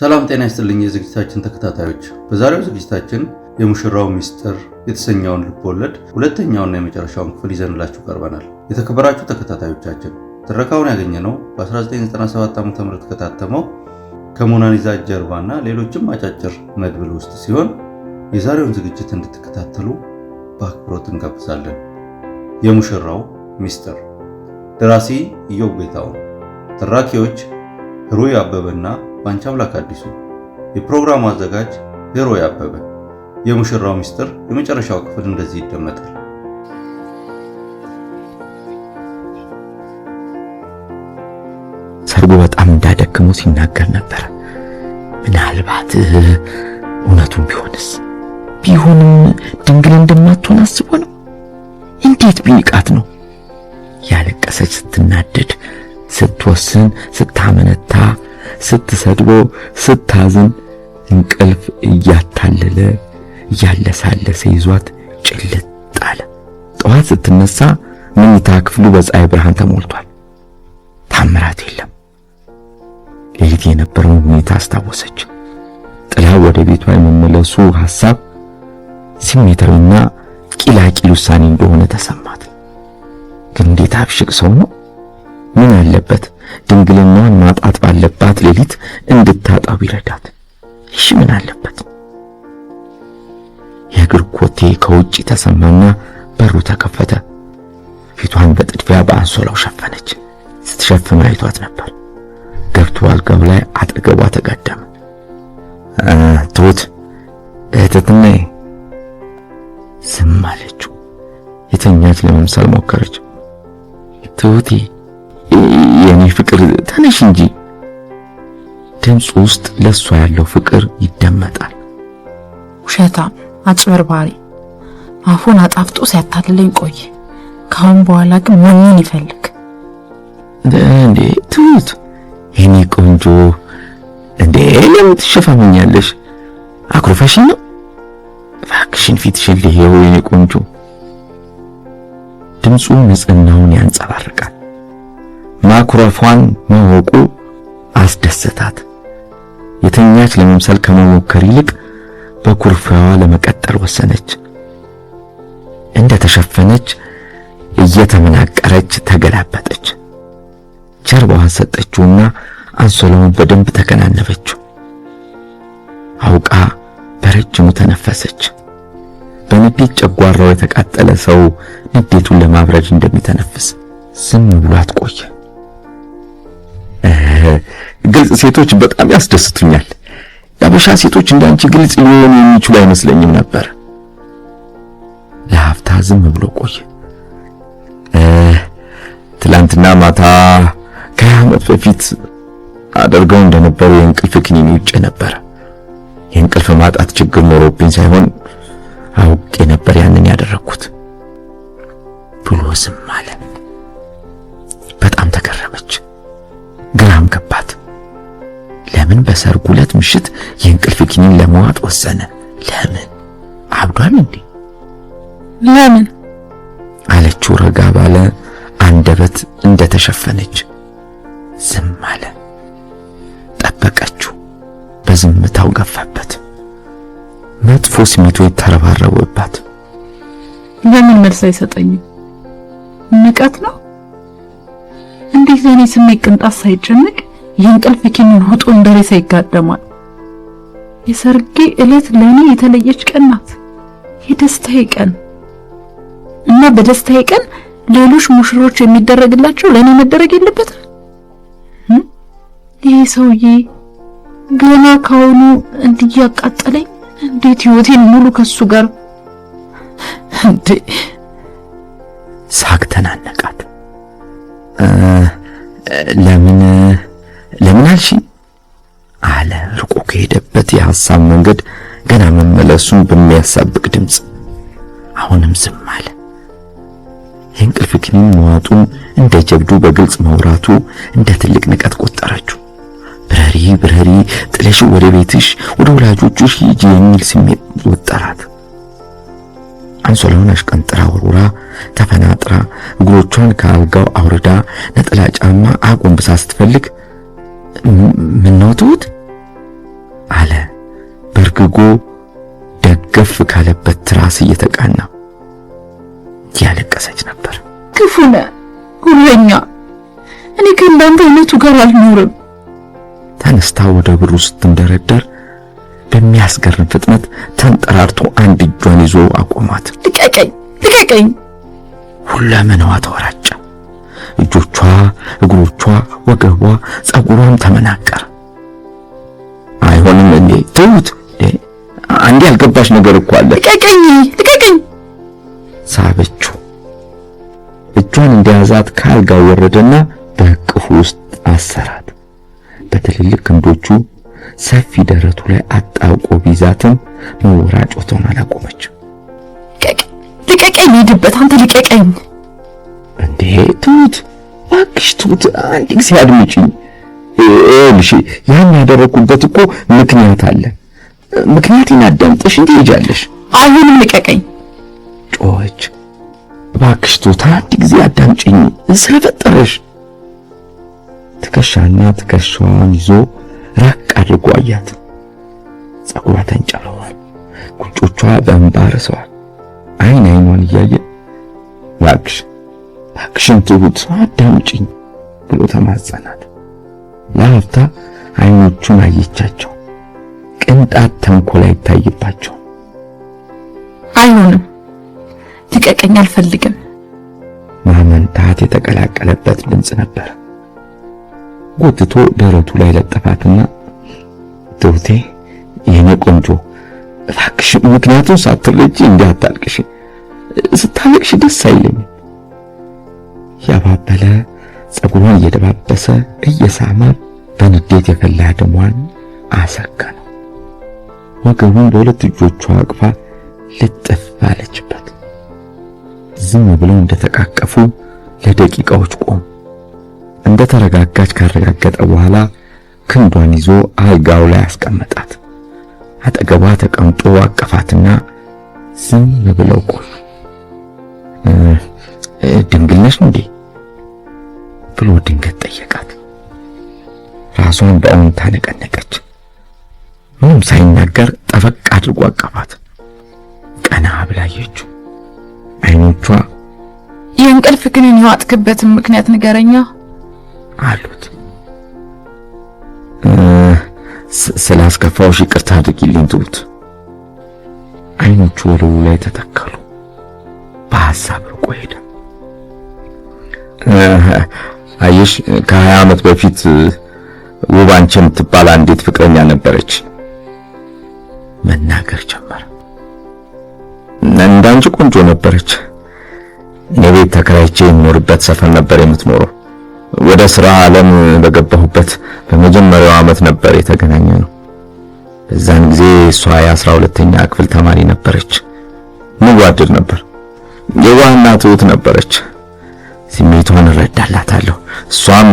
ሰላም ጤና ይስጥልኝ የዝግጅታችን ተከታታዮች፣ በዛሬው ዝግጅታችን የሙሽራው ሚስጥር የተሰኘውን ወለድ ሁለተኛውና የመጨረሻውን ክፍል ይዘንላችሁ ቀርበናል። የተከበራችሁ ተከታታዮቻችን ትረካውን ያገኘነው በ1997 ዓ ም ከታተመው ከሞናሊዛ ጀርባና ሌሎችም አጫጭር መድብል ውስጥ ሲሆን የዛሬውን ዝግጅት እንድትከታተሉ በአክብሮት እንጋብዛለን። የሙሽራው ሚስጥር ደራሲ ኢዮብ ጌታው፣ ተራኪዎች ህሩይ አበበና ባንቻምላክ አዲሱ፣ የፕሮግራሙ አዘጋጅ ህሩይ አበበ። የሙሽራው ሚስጥር የመጨረሻው ክፍል እንደዚህ ይደመጣል። ሰርጉ በጣም እንዳደክመው ሲናገር ነበር። ምናልባት እውነቱን ቢሆንስ ቢሆንም ድንግል እንደማትሆን አስቦ ነው እንዴት ቢንቃት ነው? ያለቀሰች ስትናደድ፣ ስትወስን፣ ስታመነታ፣ ስትሰድበው፣ ስታዝን እንቅልፍ እያታለለ እያለሳለሰ ይዟት ጭልጥ አለ። ጠዋት ስትነሳ መኝታ ክፍሉ በፀሐይ ብርሃን ተሞልቷል። ታምራት የለም። ሌሊት የነበረውን ሁኔታ አስታወሰች። ጥላ ወደ ቤቷ የመመለሱ ሐሳብ ስሜታዊና ቂላቂል ውሳኔ እንደሆነ ተሰማት። ግን እንዴት አብሽቅ ሰው ነው! ምን አለበት ድንግልናዋን ማጣት ባለባት ሌሊት እንድታጣው ይረዳት። እሺ ምን አለበት? የእግር ኮቴ ከውጪ ተሰማና በሩ ተከፈተ። ፊቷን በጥድፊያ በአንሶላው ሸፈነች። ስትሸፍን አይቷት ነበር። ገብቶ አልጋው ላይ አጠገቧ ተጋደ ለመምሰል ሞከረች። ትሁቴ የኔ ፍቅር ተነሽ እንጂ። ድምፅ ውስጥ ለሷ ያለው ፍቅር ይደመጣል። ውሸታም አጭበርባሪ፣ አፉን አጣፍጦ ሲያታልለኝ ቆየ። ካሁን በኋላ ግን ማንን ይፈልግ እንዴ? ትሁት የኔ ቆንጆ እንዴ ለምን ትሸፋመኛለሽ? አኩርፈሽን ነው እባክሽን ፊትሽን ልሄው የኔ ቆንጆ ድምፁ ንጽህናውን ያንጸባርቃል። ማኩረፏን ማወቁ አስደሰታት። የተኛች ለመምሰል ከመሞከር ይልቅ በኩርፊያዋ ለመቀጠል ወሰነች። እንደ ተሸፈነች እየተመናቀረች ተገላበጠች። ጀርባዋን ሰጠችውና አንሶላውን በደንብ ተከናነበችው። አውቃ በረጅሙ ተነፈሰች። በንዴት ጨጓራው የተቃጠለ ሰው ንዴቱን ለማብረድ እንደሚተነፍስ ዝም ብሎ አትቆየ። ግልጽ ሴቶች በጣም ያስደስቱኛል። የአበሻ ሴቶች እንዳንቺ ግልጽ ሊሆኑ የሚችሉ አይመስለኝም ነበር። ለሀፍታ ዝም ብሎ ቆየ። ትላንትና ማታ ከሀያ ዓመት በፊት አደርገው እንደነበሩ የእንቅልፍ ክኒን ውጭ ነበረ። የእንቅልፍ ማጣት ችግር ኖሮብኝ ሳይሆን አውቄ ነበር ያንን ያደረግኩት። ብሎ ዝም አለ። በጣም ተገረመች፣ ግራም ገባት። ለምን በሰርጉ ዕለት ምሽት የእንቅልፍ ኪኒን ለመዋጥ ወሰነ? ለምን አብዷል እንዴ? ለምን አለችው ረጋ ባለ አንደበት እንደተሸፈነች። ዝም አለ። ጠበቀችው፣ በዝምታው ገፋበት። መጥፎ ስሜቶች ተረባረቡባት። ለምን መልስ አይሰጠኝም? ንቀት ነው። እንዴት ለእኔ ስሜት ቅንጣት ሳይጨንቅ የእንቅልፍ ኪኒን ውጦ እንደ ይጋደማል። የሰርጌ ዕለት ለእኔ የተለየች ቀን ናት፣ የደስታዬ ቀን እና በደስታዬ ቀን ሌሎች ሙሽሮች የሚደረግላቸው ለእኔ መደረግ የለበትም። ይህ ሰውዬ ገና ካሁኑ እንዲያቃጠለኝ እንዴት ህይወቴን ሙሉ ከሱ ጋር እንዴ ለምን ለምን አልሽ አለ ርቆ ከሄደበት የሐሳብ መንገድ ገና መመለሱን በሚያሳብቅ ድምፅ። አሁንም ዝም አለ። የእንቅልፍ ክኒን መዋጡን እንደ ጀብዱ በግልጽ መውራቱ እንደ ትልቅ ንቀት ቆጠረችው። ብረሪ ብረሪ ጥለሽ ወደ ቤትሽ ወደ ወላጆችሽ ሂጂ የሚል ስሜት ወጠራት። አንሶላውን አሽቀንጥራ ወርውራ ተፈናጥራ እግሮቿን ከአልጋው አውርዳ ነጠላ ጫማ አጎንብሳ ስትፈልግ ምነው አለ በርግጎ ደገፍ ካለበት ትራስ እየተቃና እያለቀሰች ነበር። ክፉነ ሁለኛ እኔ ከእንዳንተ አይነቱ ጋር አልኖርም። ተነስታ ወደ ብሩ ስትንደረደር በሚያስገርም ፍጥነት ተንጠራርቶ አንድ እጇን ይዞ ለመኗት። ልቀቀኝ ልቀቀኝ! ሁለመናዋ ተወራጨ። እጆቿ፣ እግሮቿ፣ ወገቧ፣ ጸጉሯም ተመናቀረ። አይሆንም እንዴ! ትሁት አንዴ ያልገባሽ ነገር እኮ አለ። ልቀቀኝ ልቀቀኝ! ሳበችው። እጇን እንደያዛት ካልጋ ወረደና በእቅፉ ውስጥ አሰራት። በትልልቅ ክንዶቹ ሰፊ ደረቱ ላይ አጣብቆ ቢዛትም መወራጮቷን አላቆመችም። ልቀቀኝ፣ ሂድበት አንተ ልቀቀኝ። እንዴ ትሁት እባክሽ ትሁት፣ አንድ ጊዜ አድምጪኝ። ያን እኮ ምክንያት አለ። ምክንያቴን አዳምጠሽ እንዴ አሁንም ልቀቀኝ። ጮኸች። እባክሽ ትሁት አንድ ጊዜ አዳምጪኝ ስለፈጠረሽ። ትከሻና ትከሻዋን ይዞ ራቅ አድርጎ አያት። ጸጉሯ ጉንጮቿ በእንባ ርሰዋል። አይን አይኗን እያየ እባክሽ እባክሽን ትሁት አዳምጪኝ ብሎ ተማጸናት። ለአፍታ አይኖቹን አየቻቸው። ቅንጣት ተንኮል አይታይባቸው። አይሆንም፣ ልቀቀኝ፣ አልፈልግም። ማመንታት የተቀላቀለበት ድምፅ ነበር። ጎትቶ ደረቱ ላይ ለጠፋትና ትሁቴ የኔ ቆንጆ እባክሽ ምክንያቱም ሳትረጂ እንዳታልቅሽኝ ስታለቅሽ ደስ አይለኝ ያባበለ ጸጉሩን እየደባበሰ እየሳመ በንዴት የፈላ ደሟን አሰከነ። ወገቡን በሁለት እጆቿ አቅፋ ልጥፍ አለችበት። ዝም ብለው እንደተቃቀፉ ለደቂቃዎች ቆሙ። እንደተረጋጋች ካረጋገጠ በኋላ ክንዷን ይዞ አልጋው ላይ አስቀመጣት። አጠገቧ ተቀምጦ አቀፋትና ዝም ብለው ቆዩ። ድንግልነሽ ነሽ እንዴ ብሎ ድንገት ጠየቃት። ራሷን በእውነት ታነቀነቀች። ምንም ሳይናገር ጠበቅ አድርጎ አቀፋት። ቀና ብላ አየችው። አይኖቿ የእንቅልፍ ክኒን የዋጥክበትን ምክንያት ንገረኛ አሉት። ስላስከፋውሽ ይቅርታ አድርጊልኝ ትሁት። አይኖቹ ወለሉ ላይ ተተከሉ። ሀሳብ ርቆ ሄደ። አየሽ ከሀያ ዓመት በፊት ውብ አንቺ የምትባል አንዲት ፍቅረኛ ነበረች መናገር ጀመረ። እንዳንቺ ቆንጆ ነበረች። እኔ ቤት ተከራይቼ የምኖርበት ሰፈር ነበር የምትኖረው። ወደ ስራ ዓለም በገባሁበት በመጀመሪያው ዓመት ነበር የተገናኘ ነው። በዛን ጊዜ እሷ የአስራ ሁለተኛ ክፍል ተማሪ ነበረች። እንዋደድ ነበር። የዋህና ትሁት ነበረች። ስሜቷን እረዳላታለሁ። እሷም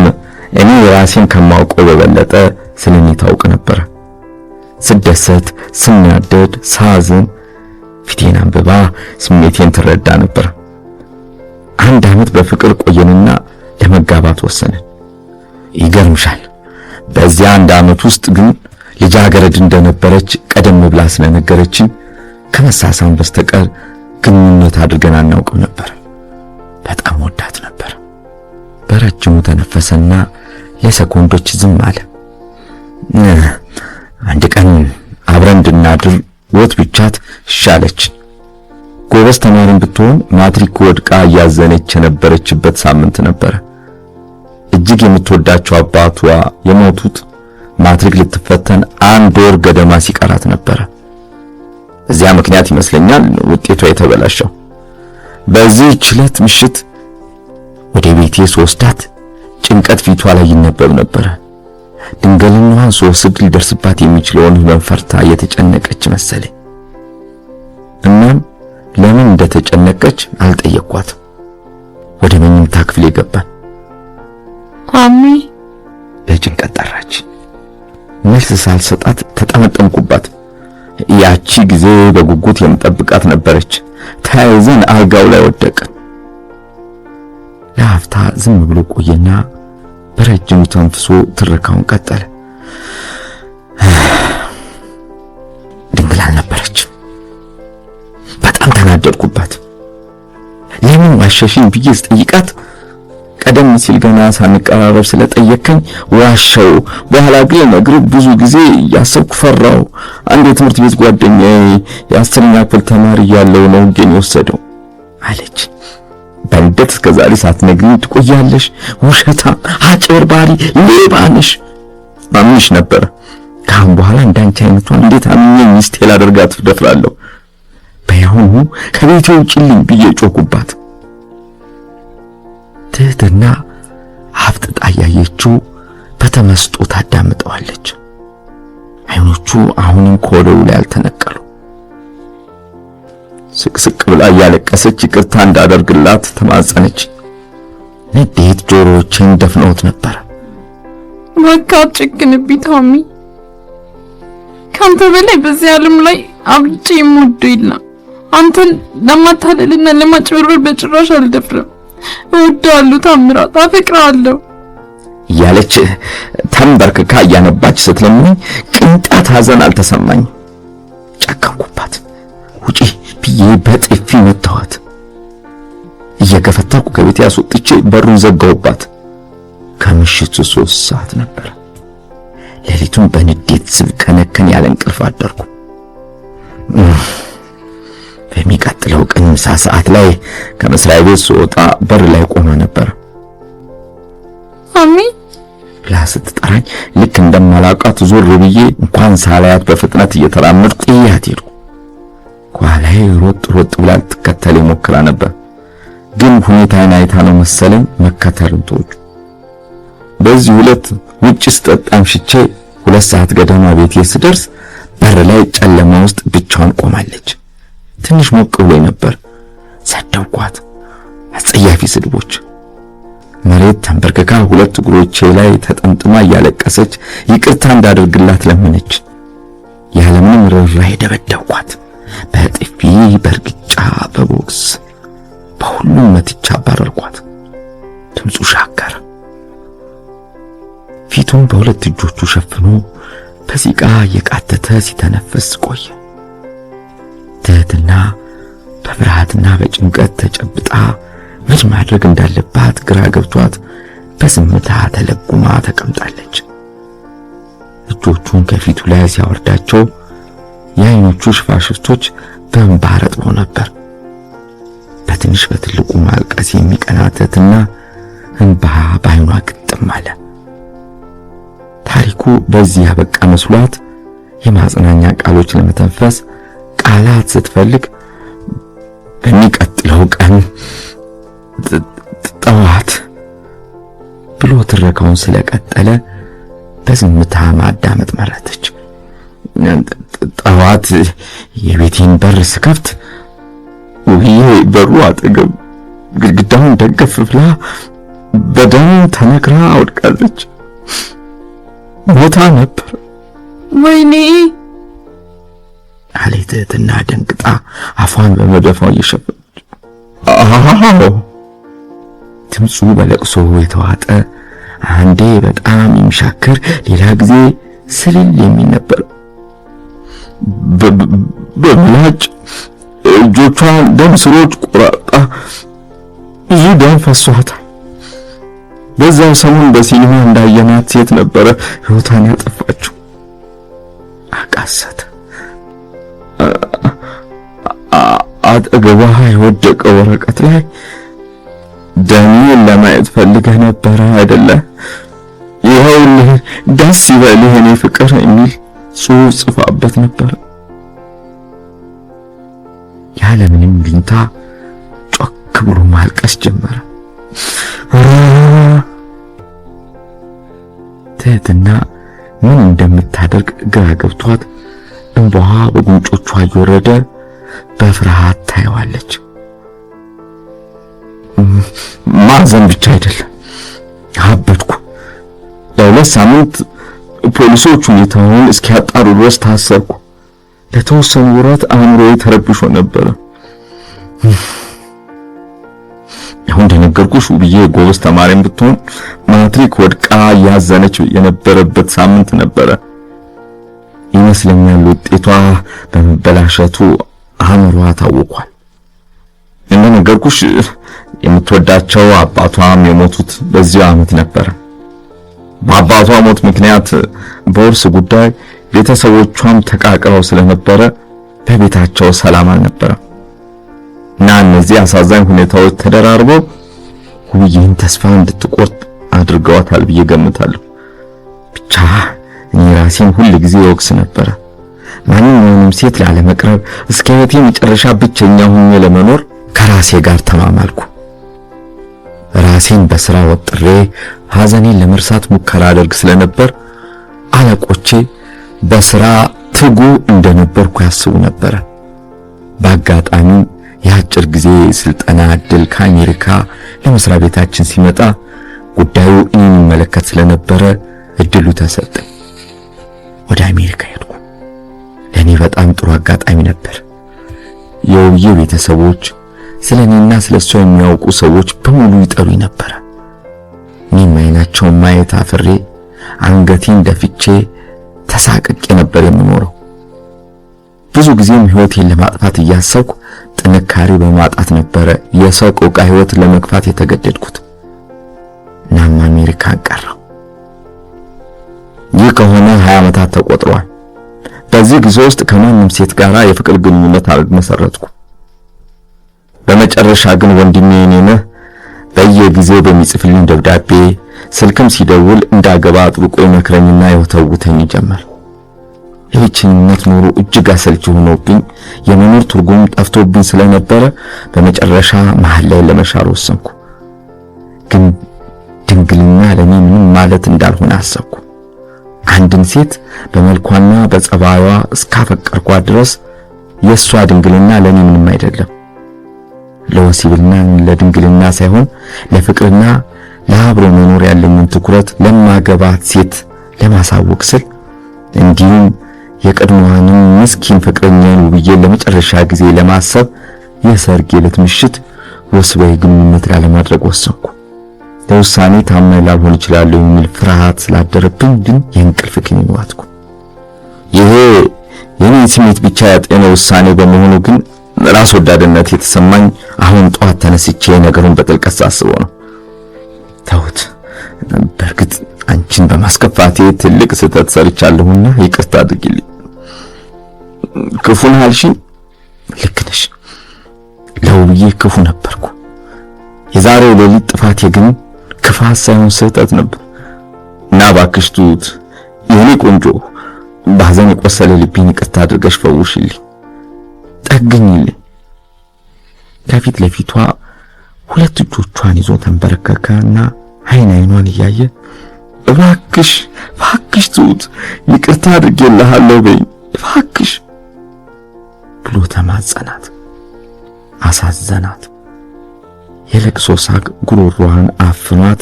እኔ ራሴን ከማውቀው በበለጠ ስለኔ ታውቅ ስደሰት፣ ስናደድ፣ ሳዝን ፊቴን አንብባ ስሜቴን ትረዳ ነበር። አንድ ዓመት በፍቅር ቆየንና ለመጋባት ወሰንን። ይገርምሻል፣ በዚያ አንድ ዓመት ውስጥ ግን ልጃገረድ እንደነበረች ቀደም ብላ ስለነገረችኝ ከመሳሳም በስተቀር ግንኙነት አድርገን አናውቅም ነበር። በጣም ወዳት ነበር። በረጅሙ ተነፈሰና ለሰኮንዶች ዝም አለ። አንድ ቀን አብረን እንድናድር ወጥ ብቻት ሻለች። ጎበዝ ተማሪን ብትሆን ማትሪክ ወድቃ እያዘነች የነበረችበት ሳምንት ነበረ። እጅግ የምትወዳቸው አባቷ የሞቱት ማትሪክ ልትፈተን አንድ ወር ገደማ ሲቀራት ነበረ። እዚያ ምክንያት ይመስለኛል ውጤቷ የተበላሸው። በዚህ ችለት ምሽት ወደ ቤቴ ስወስዳት ጭንቀት ፊቷ ላይ ይነበብ ነበረ። ድንግልናዋን ስወስድ ሊደርስባት የሚችለውን ሕመም ፈርታ እየተጨነቀች መሰለኝ። እናም ለምን እንደተጨነቀች አልጠየቅኳት። ወደ መኝታ ክፍሌ ገባን። ኳሚ በጭንቀት ጠራች። መልስ ሳልሰጣት ተጠመጠምኩባት። ያቺ ጊዜ በጉጉት የምጠብቃት ነበረች። ተያይዘን አልጋው ላይ ወደቅን። ለአፍታ ዝም ብሎ ቆየና በረጅሙ ተንፍሶ ትረካውን ቀጠለ። ድንግል አልነበረች። በጣም ተናደድኩባት። ለምን ዋሸሽኝ ብዬ ስጠይቃት ቀደም ሲል ገና ሳንቀራረብ ስለጠየከኝ ዋሸው። በኋላ ግን ነግር ብዙ ጊዜ ያሰብኩ ፈራው። አንድ የትምህርት ቤት ጓደኛዬ የአስረኛ ክፍል ተማሪ ያለው ነው ግን የወሰደው አለች። በንዴት እስከ ዛሬ ሳትነግሪኝ ትቆያለሽ፣ ውሸታም፣ አጭበርባሪ፣ ሌባ ነሽ። አምንሽ ነበር። ካሁን በኋላ እንዳንቺ አይነቷን እንዴት አምኜ ሚስቴ ላደርጋት ደፍራለሁ? በያሁኑ ከቤቴ ውጪልኝ ብዬ ጮኩባት። ትህትና አፍጥጣ እያየችው በተመስጦ ታዳምጠዋለች። አይኖቹ አሁንም ከወደው ላይ አልተነቀሉ። ስቅስቅ ብላ እያለቀሰች ይቅርታ እንዳደርግላት ተማጸነች። ንዴት ጆሮዎችን ደፍነውት ነበር። በቃ ጭክንብኝ ታሚ፣ ካንተ በላይ በዚህ ዓለም ላይ አብልጬ የምወደው የለም። አንተን ለማታለልና ለማጭበርበር በጭራሽ አልደፍርም። እወዳለሁ ታምራት፣ አፈቅራለሁ እያለች ተንበርክካ እያነባች ስትለምነኝ ቅንጣት ሐዘን አልተሰማኝ። ጨከንኩባት። ውጪ ብዬ በጥፊ መታኋት። እየገፈታኩ ከቤት ያስወጥቼ በሩን ዘጋሁባት። ከምሽቱ ሶስት ሰዓት ነበር። ሌሊቱን በንዴት ስብ ያለ እንቅልፍ አደርኩ። በሚቀጥለው ቀን ምሳ ሰዓት ላይ ከመስሪያ ቤት ስወጣ በር ላይ ቆሞ ነበር። አሚ ብላ ስትጠራኝ ልክ እንደማላውቃት ዞር ብዬ እንኳን ሳላያት በፍጥነት እየተራመድ ጥያት ሄድኩ። ከኋላዬ ሮጥ ሮጥ ብላ ልትከተል ሞክራ ነበር፣ ግን ሁኔታዬን አይታ ነው መሰለኝ መከተልን ተወች። በዚህ ሁለት ውጭ ስጠጣም ሽቼ ሁለት ሰዓት ገደማ ቤቴ ስደርስ በር ላይ ጨለማ ውስጥ ብቻዋን ቆማለች። ትንሽ ሞቅ ብሎኝ ነበር። ሰደብኳት። አጸያፊ ስድቦች። መሬት ተንበርክካ ሁለት እግሮቼ ላይ ተጠምጥማ እያለቀሰች ይቅርታ እንዳደርግላት ለምነች ያለምንም ርኅራኄ ደበደብኳት። በጥፊ፣ በእርግጫ፣ በቦክስ በሁሉም መትቻ አባረርኳት። ድምፁ ሻከረ። ፊቱን በሁለት እጆቹ ሸፍኖ በሲቃ እየቃተተ ሲተነፍስ ቆየ። ትህትና በፍርሃትና በጭንቀት ተጨብጣ ምን ማድረግ እንዳለባት ግራ ገብቷት በዝምታ ተለጉማ ተቀምጣለች። እጆቹን ከፊቱ ላይ ሲያወርዳቸው የአይኖቹ ሽፋሽፍቶች በእንባ ረጥበው ነበር። በትንሽ በትልቁ ማልቀስ የሚቀናተትና እንባ በአይኗ ግጥም አለ። ታሪኩ በዚህ ያበቃ መስሏት የማጽናኛ ቃሎች ለመተንፈስ ቃላት ስትፈልግ በሚቀጥለው ቀን ጠዋት ብሎ ትረካውን ስለቀጠለ በዝምታ ማዳመጥ መረጠች። ጠዋት የቤቴን በር ስከፍት ውብዬ በሩ አጠገብ ግድግዳውን ደገፍ ብላ በደም ተነክራ አውድቃለች። ሞታ ነበር። ወይኔ አለች ትህትና ደንግጣ አፏን በመደፏ እየሸፈነች። አዎ ድምፁ በለቅሶ የተዋጠ አንዴ በጣም የሚሻክር ሌላ ጊዜ ስልል የሚል ነበር። በምላጭ እጆቿን ደም ስሮች ቆራጣ ብዙ ደም ፈሷታል። በዛው ሰሞን በሲኒማ እንዳየናት ሴት ነበረ ህይወቷን ያጠፋችው። አቃሰተ አጠገቧ የወደቀ ወረቀት ላይ ደሜን ለማየት ፈልገህ ነበረ አይደለ? ይኸውልህ ደስ ይበልህ እኔ ፍቅር የሚል ጽሑፍ ጽፋበት ነበር። ያለምንም ቢንታ ጮክ ብሎ ማልቀስ ጀመረ። ትህትና ምን እንደምታደርግ ግራ ገብቷት እንባዋ በጉንጮቿ እየወረደ በፍርሃት ታየዋለች። ማዘን ብቻ አይደለም፣ አበድኩ። ለሁለት ሳምንት ፖሊሶች ሁኔታውን እስኪያጣሩ ድረስ ታሰርኩ። ለተወሰኑ ወራት አእምሮዬ ተረብሾ ነበረ። አሁን እንደነገርኩሽ ውብዬ ጎበዝ ተማሪም ብትሆን ማትሪክ ወድቃ ያዘነች የነበረበት ሳምንት ነበረ ይመስለኛል። ውጤቷ በመበላሸቱ አእምሯ ታውቋል። እንደነገርኩሽ የምትወዳቸው አባቷም የሞቱት በዚሁ ዓመት ነበር። በአባቷ ሞት ምክንያት በውርስ ጉዳይ ቤተሰቦቿም ተቃቅረው ስለነበረ በቤታቸው ሰላም አልነበረም እና እነዚህ አሳዛኝ ሁኔታዎች ተደራርበው ውብዬን ተስፋ እንድትቆርጥ አድርገዋታል ብዬ ገምታለሁ። ብቻ እኔ ራሴን ሁል ጊዜ ወቅስ ነበረ። ማንኛውንም ሴት ላለመቅረብ እስከ ሕይወቴ መጨረሻ ብቸኛ ሆኜ ለመኖር ከራሴ ጋር ተማማልኩ። ራሴን በሥራ ወጥሬ ሐዘኔን ለመርሳት ሙከራ አደርግ ስለነበር አለቆቼ በሥራ ትጉ እንደነበርኩ ያስቡ ነበረ። በአጋጣሚ የአጭር ጊዜ ስልጠና ዕድል ከአሜሪካ ለመስሪያ ቤታችን ሲመጣ ጉዳዩ እኔን የሚመለከት ስለነበረ ዕድሉ ተሰጠኝ። ወደ አሜሪካ ሄድኩ። ለእኔ በጣም ጥሩ አጋጣሚ ነበር። የውዬ ቤተሰቦች ስለ እኔና ስለ እሷ የሚያውቁ ሰዎች በሙሉ ይጠሩኝ ነበረ። እኔም አይናቸውን ማየት አፍሬ አንገቴን ደፍቼ ተሳቅቄ ነበር የምኖረው። ብዙ ጊዜም ሕይወቴን ለማጥፋት እያሰብኩ ጥንካሬ በማጣት ነበረ የሰቆቃ ሕይወት ለመግፋት የተገደድኩት። እናም አሜሪካ ቀረው። ይህ ከሆነ 20 ዓመታት ተቆጥሯል። በዚህ ጊዜ ውስጥ ከማንም ሴት ጋር የፍቅር ግንኙነት አልመሰረትኩ። በመጨረሻ ግን ወንድሜ ነህ በየጊዜው በሚጽፍልኝ ደብዳቤ ስልክም ሲደውል እንዳገባ አጥብቆ ይመክረኝና ይወተውተኝ ጀመር። የብቸኝነት ኑሮ እጅግ አሰልች ሆኖብኝ የመኖር ትርጉም ጠፍቶብኝ ስለነበረ በመጨረሻ መሀል ላይ ለመሻር ወሰንኩ። ግን ድንግልና ለኔ ምንም ማለት እንዳልሆነ አሰብኩ። አንድን ሴት በመልኳና በጸባይዋ እስካፈቀርኳት ድረስ የእሷ ድንግልና ለእኔ ምንም አይደለም። ለወሲብና ለድንግልና ሳይሆን ለፍቅርና ለአብሮ መኖር ያለኝን ትኩረት ለማገባት ሴት ለማሳወቅ ስል እንዲሁም የቀድሞዋንም ምስኪን ፍቅረኛን ውብዬን ለመጨረሻ ጊዜ ለማሰብ የሰርግ ዕለት ምሽት ወሲባዊ ግንኙነት ላለማድረግ ወሰንኩ። ለውሳኔ ታማኝ ላልሆን እችላለሁ የሚል ፍርሃት ስላደረብኝ ግን የእንቅልፍ ክኒን ዋጥኩ። ይሄ የኔ ስሜት ብቻ ያጤነ ውሳኔ በመሆኑ ግን ራስ ወዳድነት የተሰማኝ አሁን ጠዋት ተነስቼ ነገሩን በጥልቀት ሳስበው ነው። ተውት፣ በእርግጥ አንቺን በማስከፋቴ ትልቅ ስህተት ሰርቻለሁና ይቅርታ አድርጊልኝ። ክፉን አልሽ፣ ልክ ነሽ። ለውብዬ ክፉ ነበርኩ። የዛሬው ሌሊት ጥፋቴ ግን ክፋት ሳይሆን ስህተት ነበር እና እባክሽ ትሁት የኔ ቆንጆ ባዘን የቆሰለ ልቤን ይቅርታ አድርገሽ ፈውሽልኝ፣ ጠግኝልኝ። ከፊት ለፊቷ ሁለት እጆቿን ይዞ ተንበረከከና አይን አይኗን እያየ እባክሽ እባክሽ ትሁት ይቅርታ አድርጌልሃለሁ በይ እባክሽ ብሎ ተማጸናት፣ አሳዘናት። የለቅሶ ሳቅ ጉሮሯን አፍኗት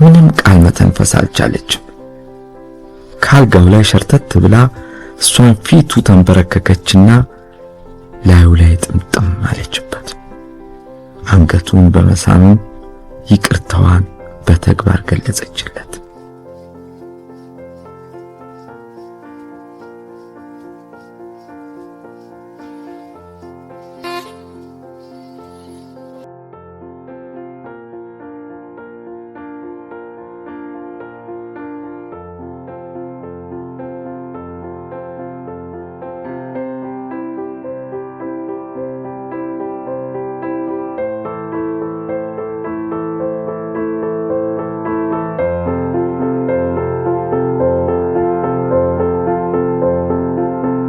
ምንም ቃል መተንፈስ አልቻለችም። ካልጋው ላይ ሸርተት ብላ እሷን ፊቱ ተንበረከከችና ላዩ ላይ ጥምጥም አለችበት። አንገቱን በመሳም ይቅርታዋን በተግባር ገለጸችለት።